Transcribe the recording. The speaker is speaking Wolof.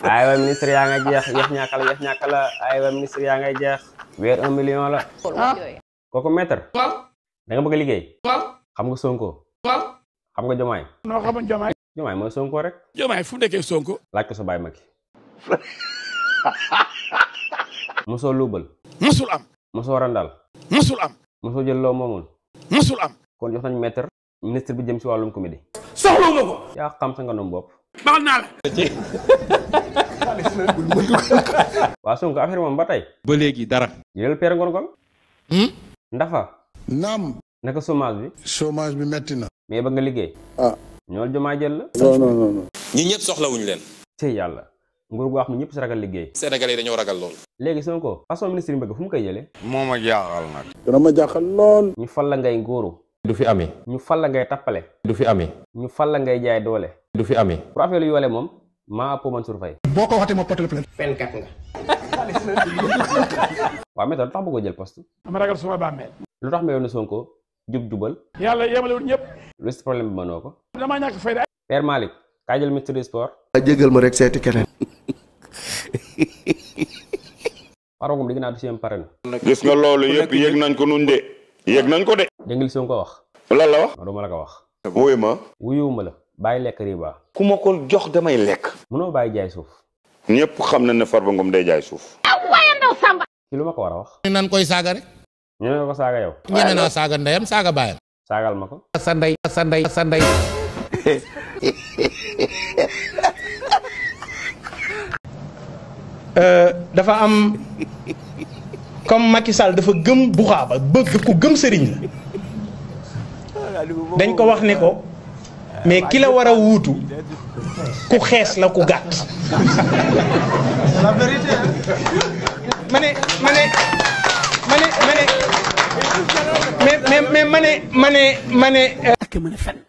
wa iya, iya, ministre kan ya nga jeex yeex ñàkka la yeex ñàkka la aywa ministre ya nga jeex wër 1 million la koku maître da nga bëgg liggéey xam nga sonko xam nga no xam nga jomay jomay mo sonko rek jomay fu nekké sonko laj ko sa bay makki muso lubal musul am muso randal musul am muso jël lo momul musul am kon jox nañ maître ministre bi jëm ci walum comédie soxlawuma ko ya xam sa nga nom bop baal la waa Sonko affaire moom ba tey. ba léegi dara. per père gorgol. Hmm? ndafa. naam. naka chômage bi. chômage bi metti na. mais ba nga liggéey. ñoo ah. ñool jël la. non non non. ñi ñëpp soxlawuñu leen. ci yàlla. nguur gu wax ni ñëpp si ragal liggéey. yi dañoo ragal lool. léegi ko façon ministre yi bëgg fu mu koy jëlee. moo ma jaaxal nag. dana ma jaaxal lool. ñu fal la ngay ngóoru. du fi amee. ñu fal la ngay tappale. du fi amee. ñu fal la ngay jaay doole. du fi amee. pour affaire maa po Mansour Faye. boo ko waxatee ma porté plainte. fenkat nga. waaw mais tax bëggoo jël poste. am ragal suma bàmmeel. lu tax ma yoon Sonko jub jubal. yàlla yemalewul ñëpp. lu si problème bi mënoo ko. damaa ñàkk fay de. Père Malick kaa jël ministre sport. waaw jégal ma rek seeti keneen. Farogum dégg naa du seen pare na. gis nga loolu yëpp yëg nañ ko nun de yëg nañ ko de. dégg nga ko Sonko wax. lan la wax. non ma la ko wax. ma. la. bàyyi lekk riba. ku ma ko jox damay lekk. munoo bàyyi jaay suuf. ñëpp xam na ne Farba Ngom day jaay suuf. Ah, waaye lu ma ko war a wax. ñu koy saaga rek. ñeme ko saaga yow. ñeme naa saaga ndeyam saaga baayam. saagal ma ko. sa ndey sa ndey sa euh, dafa am comme Macky dafa gëm buxaaba bëgg ko gëm sëriñ la dañ ko wax ne ko. mais ki la war a wuutu ku xees la ku gàtt. la vérité mane mane mane ne ma